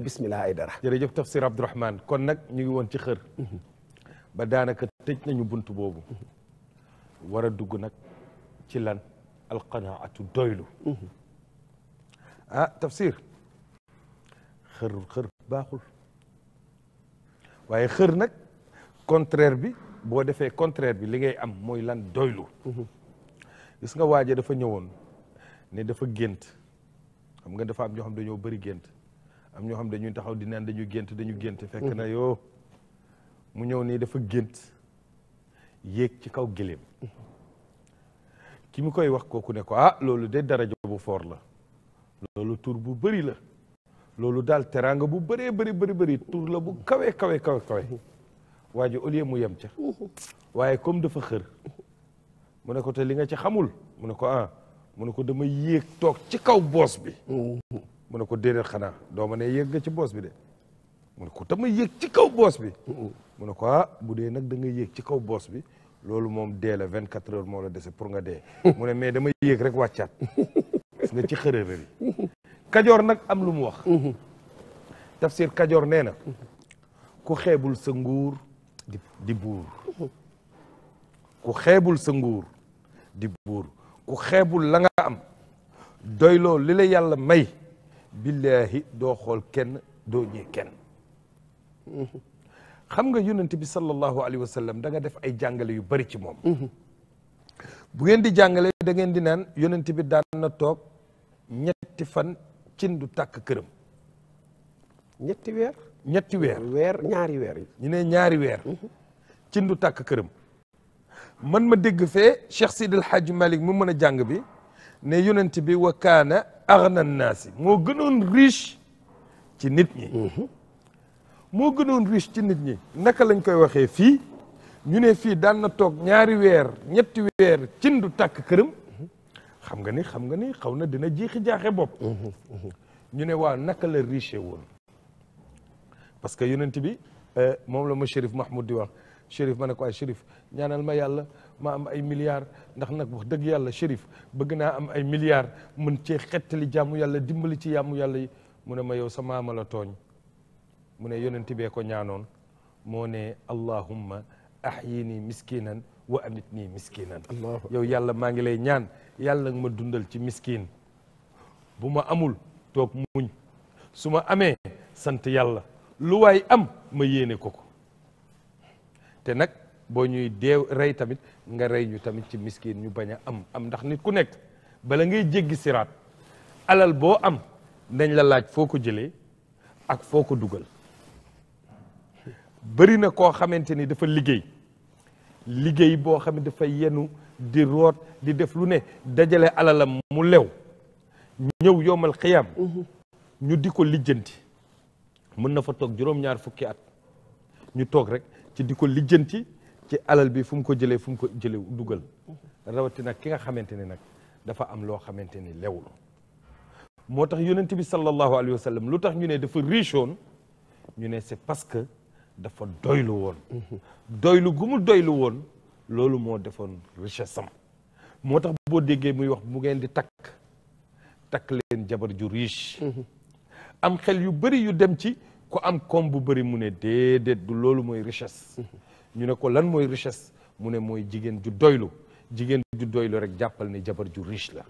bismillah ay dara jërëjëf tafsir Abdourahmane kon nag ñu ngi woon ci xër ba daanaka tëj nañu bunt boobu a dugg ci lan doylu ah tafsir xër xër baaxul waaye xër nag contraire bi boo defee contraire bi li ngay am mooy lan doylu gis nga waaje dafa ñëwoon ne dafa xam nga dafa am ñoo xam dañoo gent. am ñoo xam dañuy taxaw di naan gént dañu mm-hmm. gént fekk mm-hmm. na yoo mu ñëw nii dafa gént yéeg ci kaw gëléem mm-hmm. ki mu koy wax kooku ne ko ah loolu de daraja bu foor la loolu tur bu bari la loolu daal teraanga bu bëree bëri bëri bëri tur la bu kawe kawe kawe kawe waa ji au mu yem ca waaye comme dafa xër mu ne ko te li nga ci xamul mu ne ko ah mu ne ko dama yéeg toog ci kaw boos bi mu ne ko déedéet xanaa doo ma ne yéeg nga ci boos bi de mu ne ko dama yéeg ci kaw boos bi mu ne ko ah bu dee nag da nga ci kaw boos bi loolu moom dee la vingt quatre heures moo la dese pour nga dee mu ne mais dama yéeg rek wàccaat nga ci xërërëri kajoor nag am lu mu wax tafsir kajoor nee na ku xeebul sa nguur di buur ku xeebul sa nguur di buur ku xeebul la nga am doyloo li la yàlla may billaahi doo xool kenn doo ñee kenn xam nga yonent bi sallallahu alayhi wa sallam def ay jàngale yu bari ci moom bu ngeen di jàngale dangeen di naan yonent bi daan na toog ñetti fan cin du tàkk këram ñetti weer ñetti weer weer ñaari weer ñu ne ñaari weer cin du tàkk këram man ma dégg fee Cheikh Sidil Hadj Malick mu mën a jàng bi ne yonent bi wa kaana aghna naasi moo gënoon riche ci nit ñi mhm. moo gënoon riche ci nit ñi naka lañ koy waxee fii ñu ne fii daan na toog ñaari weer ñetti weer cin du tàkk këram mhm. xam nga ni xam nga ni xaw na dina jiixi jaaxe bopp mhm, ñu ne waa naka la riche woon parce que yonent bi euh, moom la ma Chérif Mahmoud di wax Chérif ma ne ko ay ñaanal ma yàlla ma am ay milliards ndax nag wax dëgg yàlla shérif bëgg naa am ay milliards mën cee xettali jàmm yàlla dimbali ci yàmmu yàlla mu ne ma yow sa maama tooñ mu ne yonent bee ko ñaanoon moo ne allahumma ahyini miskinan wa amit ni miskinan yow yàlla maa ngi lay ñaan yàlla nga ma dundal ci miskin bu ma amul toog muñ su ma amee sant yàlla lu waay am ma yéene ko ko te nag boo ñuy deew rey tamit nga rey ñu tamit ci miskin ñu bañ a am am ndax nit ku nekk bala ngay jéggi siraat alal boo am dañ la laaj foo ko jëlee ak foo ko dugal bëri na koo xamante ni dafa liggéey liggéey boo xam ne dafa yenu di root di def lu ne dajale alalam mu lew ñëw yomal xiyam mhm. ñu di ko lijjanti mën na fa toog juróom-ñaar fukki at ñu toog rek ci di ko lijjanti ci alal bi fu mu ko jëlee fu mu ko jëlee dugal rawatina ki nga xamante ne nag dafa am loo xamante ni lewul moo tax yonent bi sallallahu alayhi wa lu tax ñu ne dafa richoon ñu ne c'est parce que dafa doylu woon doylu gu mu doylu woon loolu moo defoon richesse am moo tax boo déggee muy wax bu ngeen di takk takk leen jabar ju riche am xel yu bari yu dem ci ku am koom bu bari mu ne déedéet du loolu mooy richesse ñu ne ko lan mooy richesse mu ne mooy jigéen ju doylu jigéen ju doylu rek jàppal ne jabar ju riche la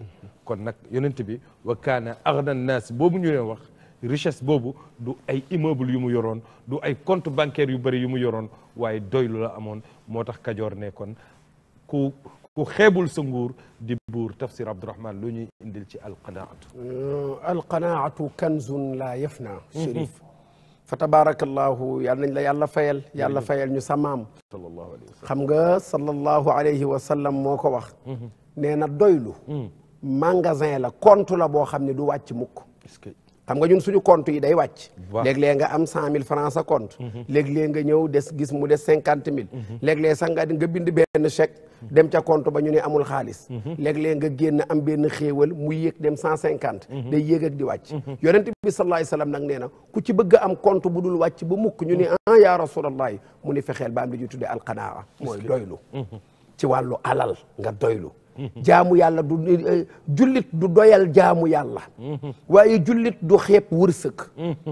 kon nag yonent bi wa kaana aghna naas boobu ñu leen wax richesse boobu du ay immeuble yu mu yoroon du ay compte bancaire yu bëri yu mu yoroon waaye doylu la amoon moo tax kajoor ne kon ku ku xeebul sa nguur di buur tafsir abdourahman lu ñuy indil ci alqanaatu euh, alqanaatu kanzun la yafna shérif mm-hmm. fa tabaarakallaahu yal nañ la yàlla fayal yàlla fayal ñu sa maam xam nga sallallahu alayhi wa sallam moo ko wax mm-hmm. nee na doylu mm. magasin la compte la boo xam ne du wàcc mukk xam nga ñun suñu compte yi day wàcc léeg-léeg nga am cent mille francs sa compte mm-hmm. léeg-léeg nga ñëw des gis mu des cinquante mille mm-hmm. léeg-léeg nga bind benn chèque dem ca compte ba ñu ne amul xaalis mhm. léeg-léeg nga génn am benn xéewal mu yéeg dem cent cinquante mhm. day yéeg ak di wàcc mhm. yonent bi sallallahu alayhi wasallam nag ku ci bëgg am compte bu dul wàcc ba mukk ñu ne ah ya rasulallah mu ni fexeel ba am li ñu tuddee alqanaa mooy doylu ci wàllu alal nga doylu jaamu yàlla du eh, eh, jullit du doyal jaamu yàlla waaye jullit du xeeb wërsëg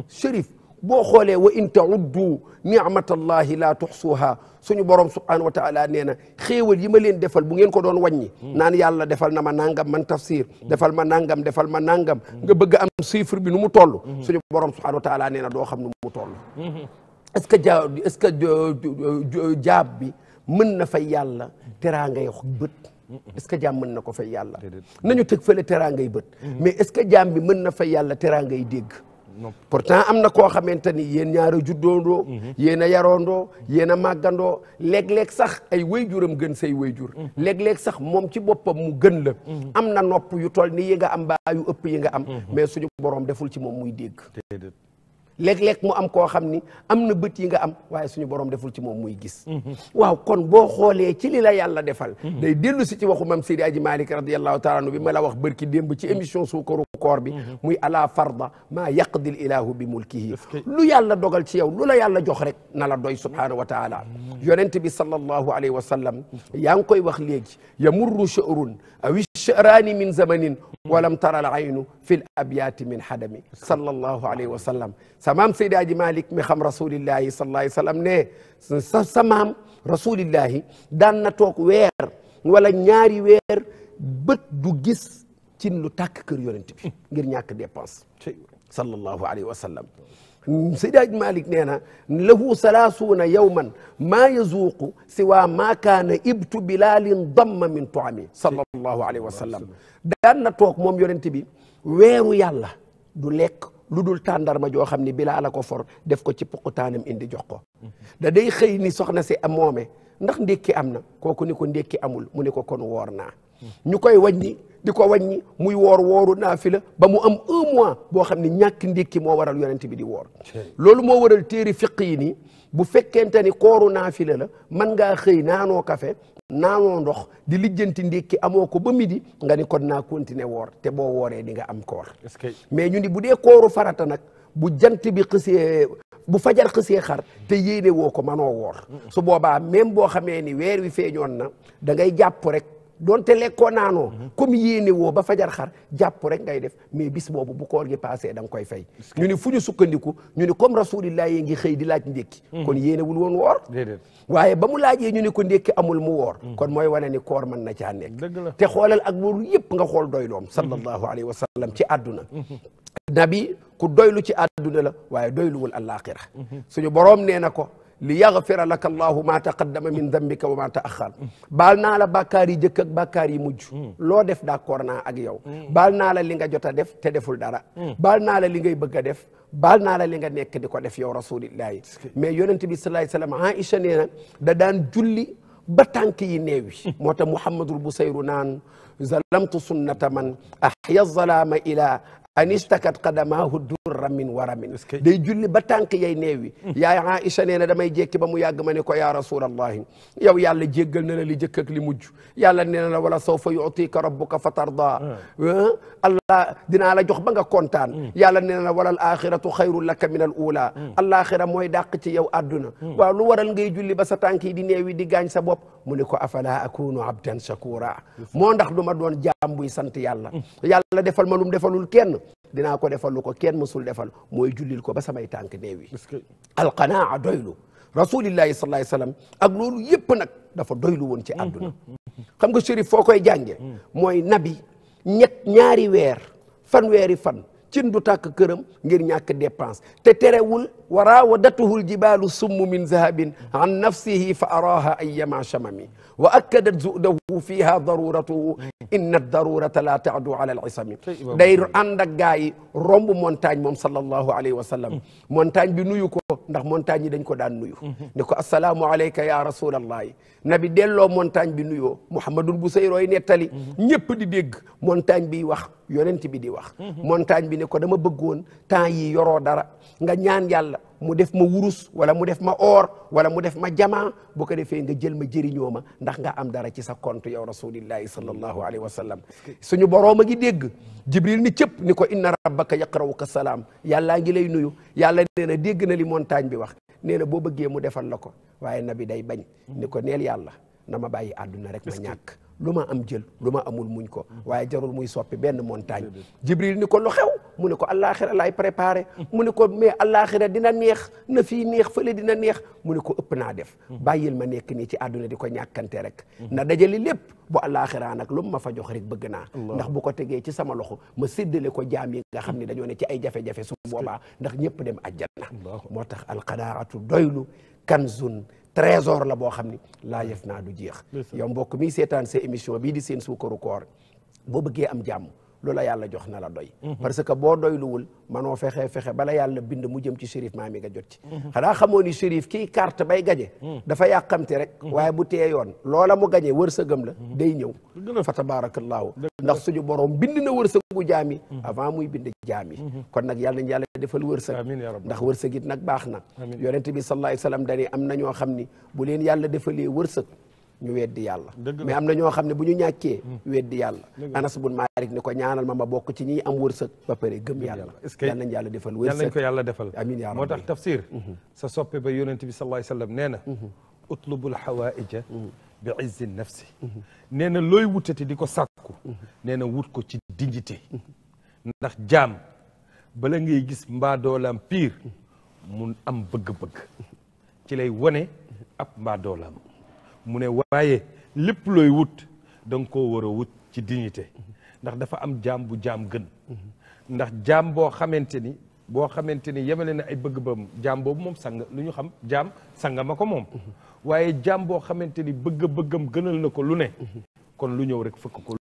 shérif boo xoolee wa in tauddu niamatallahi laa tuxsuha suñu borom subhanahu wa taala nee na xéewal yi defal bu ngeen ko doon wàññi naan yàlla defal na ma nangam man tafsir defal ma nangam defal ma nangam nga bëgg am chiffre bi nu toll suñu borom subhanahu wa taala nee na doo xam nu mu toll est ce que ja est ce que jaab bi mën na fay yàlla teraa ngay bët est ce que jaam mën na fay yàlla nañu teg fële teraa ngay mais est ce que jaam bi mën na fay yàlla teraa ngay pourtant am na koo xamante ni yéen ñaara juddoondoo mhm. yéen a yaroondoo yéen a màggandoo léeg-léeg sax ay wayjuram gën say wayjur mhm. léeg-léeg sax moom ci boppam mu gën la mhm. am na nopp yu toll ni yi nga am baa yu ëpp yi nga am mais suñu borom deful ci moom muy dégg léeg-léeg mu am koo xam ni am na bët yi nga am waaye suñu borom deful ci moom muy gis waaw kon boo xoolee ci li la yàlla defal day dellu si ci waxu mam Seydi Aji Malick radiyallahu taala anhu bi ma la wax bërki démb ci émission koor bi muy ala farda maa yaqdi ilaahu bi mulkihi lu yàlla dogal ci yow lu la yàlla jox rek na la doy subhaanahu wa taala yonent bi sallallahu alayhi wa sallam yaa ngi koy wax léegi yamurru sha'run aw sha'raani min zamanin walam tara al aynu fi l abyaati min hadami sallallahu alayhi wa sallam sa maam Seydi Aji Malik mi xam rasulillahi sallallahu alayhi wa sallam ne sa sa maam rasulillahi daan na toog weer wala ñaari weer bët du gis cin lu takk kër yonent bi ngir ñàkk dépense sallallahu alayhi wa sallam Seydi Malick nee na lahu salaasuuna yawman maa yazuuqu siwa maa kaana ibtu bilaalin damma min toami sallallahu alayhi wa sallam daan na toog moom yonent bi weeru yàlla du lekk lu dul tàndarma joo xam ne bilaa la ko for def ko ci puqutaanam indi jox ko da day xëy ni soxna si moome ndax ndékki am na kooku ni ko ndékki amul mu ne ko kon woor naa ñu koy wàññi di ko wàññi muy woor wooru naafila ba mu am un boo xam ne ñàkk ndékki moo waral yonent bi di woor loolu moo waral téeri fiq yi nii bu fekkente ni kooru naafila la man ngaa xëy naanoo kafe naanoo ndox di lijjanti ndékki amoo ko ba midi nga ni kon naa continuer woor te boo wooree di nga am koor mais ñu ni bu dee kooru farata nag bu jant bi xësee bu fajar xësee xar te yéene woo ko mënoo woor su boobaa même boo xamee ni weer wi feeñoon na da ngay jàpp rek donte lekkoo naanoo comme yéene woo ba fajar xar jàpp rek ngay def mais bis boobu bu koor gi passé da nga koy fay ñu ni fu ñu sukkandiku ñu ni comme rasulillah yi ngi xëy di laaj ndékki hmm. kon yéenewul woon woor waaye ba mu laajee ñu ni ko ndékki amul mu woor hmm. kon mooy wane ni koor mën na caa nekk te xoolal ak loolu yëpp nga xool doy loom hmm. sallallahu alayhi wa sallam ci àdduna nabi ku doylu ci àdduna la waaye wul doyluwul àllaaxira suñu boroom nee na ko ليغفر لك الله ما تقدم من ذنبك وما تاخر بالنا لا بكاري جك بكاري موج لو ديف داكورنا اك ياو بالنا لا ليغا جوتا ديف تي ديفول دارا بالنا لا ليغي بغا ديف بالنا لا ليغا نيك ديكو ديف يا رسول الله مي يونت بي صلى الله عليه وسلم عائشه نينا دا دان جولي با تانكي نيوي موتا محمد البصير نان ظلمت سنه من احيا الظلام الى ان استكت قدماه الدر من ورم دي جولي باتانك ياي نيوي يا عائشه نينا داماي جيكي بامو ياغ مانيكو يا رسول الله ياو يالا جيغل نانا لي جيكك لي موجو يالا نينا ولا سوف يعطيك ربك فترضى آه. الله دينا لا جوخ باغا كونتان يالا نينا ولا الاخره خير لك من الاولى الاخره موي داك تي ادنا وا لو ورال جولي با دي نيوي دي غاني سا مونيكو افلا اكون عبدا شكورا مو ندخ دوما دون جامبوي سانت يالا يالا ديفال مالوم ديفالول dinaa ko defal lu ko kenn musul defal mooy jullil ko ba samay tànk néewi alqanaa doylu rasulillahi sallallahu alayhi wasallam ak loolu yëpp nag dafa doylu woon ci àdduna xam nga shérif foo koy jànge mooy nabi ñett ñaari weer fanweeri fan cin du tàkk këram ngir ñàkk dépense te terewul وراودته الجبال سم من ذهب عن نفسه فأراها أيما شمم وأكدت زؤده فيها ضرورة إن الضرورة لا تعدو على العصم دير عندك جاي رمب مونتاج مم صلى الله عليه وسلم مونتاج بنيوكو نخ مونتاج دنكو دان نيو نكو السلام عليك يا رسول الله نبي ديلو مونتاج بنيو محمد البسير وين يتالي نيب دي ديغ مونتاج بي وخ يونتي بي دي وخ مونتاج بي نكو دما بغون تان يورو دارا nga ñaan yalla mu def ma wurus wala mu def ma oor wala mu def ma jamaa boo ko defee nga jël ma jëriñoo ma ndax nga am dara ci sa compte yow rasulillahi sallallahu alayhi wa sallam suñu boroom a ngi dégg jibril ni cëpp ni ko inna rabbaka yaqrawuka salaam yàllaa ngi lay nuyu yàlla nee na dégg na li montagne bi wax nee na boo bëggee mu defal la ko waaye nabi day bañ ni ko neel yàlla na ma bàyyi àdduna rek ma ñàkk lu ma am jël lu ma amul muñ ko mm-hmm. waaye jarul muy soppi benn montagne jibril ni ko lu muniko alakhir ko préparé mu ne ko dina neex na fi neex fële dina neex muniko upp na def bayil ma nek ni ci aduna diko ñakante rek na dajali lépp bu alakhir nak lum ma fa jox rek bëgg na ndax bu ko tegee ci sama loxu ma sédélé ko jaam yi nga xamni dañu ne ci ay jafe-jafe su boba ndax ñëpp dem aljanna motax tax doylu kanzun trésor la bo xamni la yefna du jeex yow mbok mi sétane ces émissions bi di seen sukuru koor bo bëgge am jàmm lu yàlla jox na la doy parce que bo doy lu wul mano fexe fexe bala yàlla bind mu jëm ci shérif mami mi nga jot ci xanaa xamoo shérif kii carte bay gañe dafa yàqamti rek waye bu téy yoon lola mu gañe wërsegum la day ñëw fa tabarakallah ndax suñu borom bind na wërsëgu jaam yi avant muy bind jami kon nak yàlla ñu yàlla defal wërsëg ndax wërsëg it nag baax na bi sallallahu alayhi wasallam dañi am naño xamni bu len yàlla defalé wërsëg ñu wéddi yalla mais amna ño xamné buñu ne hmm. wéddi yalla anas bun malik ni ko ñaanal ma ma bokk ci ñi am wërseuk ba paré gëm yalla yalla nañ yalla defal wërseuk yal ko defal yaa motax tafsir hmm. sa soppé ba yoonent bi sallallahu alayhi wasallam néna hmm. utlubul bi izzi nafsi nee na looy wutati di sakku néna wut ko ci dignité ndax jaam bala ngay gis lam pire mun am bëgg-bëgg ci lay woné ab lam mu ne waaye lépp looy wut da nga koo war a wut ci dignité ndax dafa am jaam bu jaam gën ndax jaam boo xamante ni boo xamante ni yemale na ay bëgg bam jaam boobu moom sang lu ñu xam jaam sanga ma ko moom waaye jaam boo xamante ni bëgg bëggam gënal na ko lu ne kon lu ñëw rek fëkk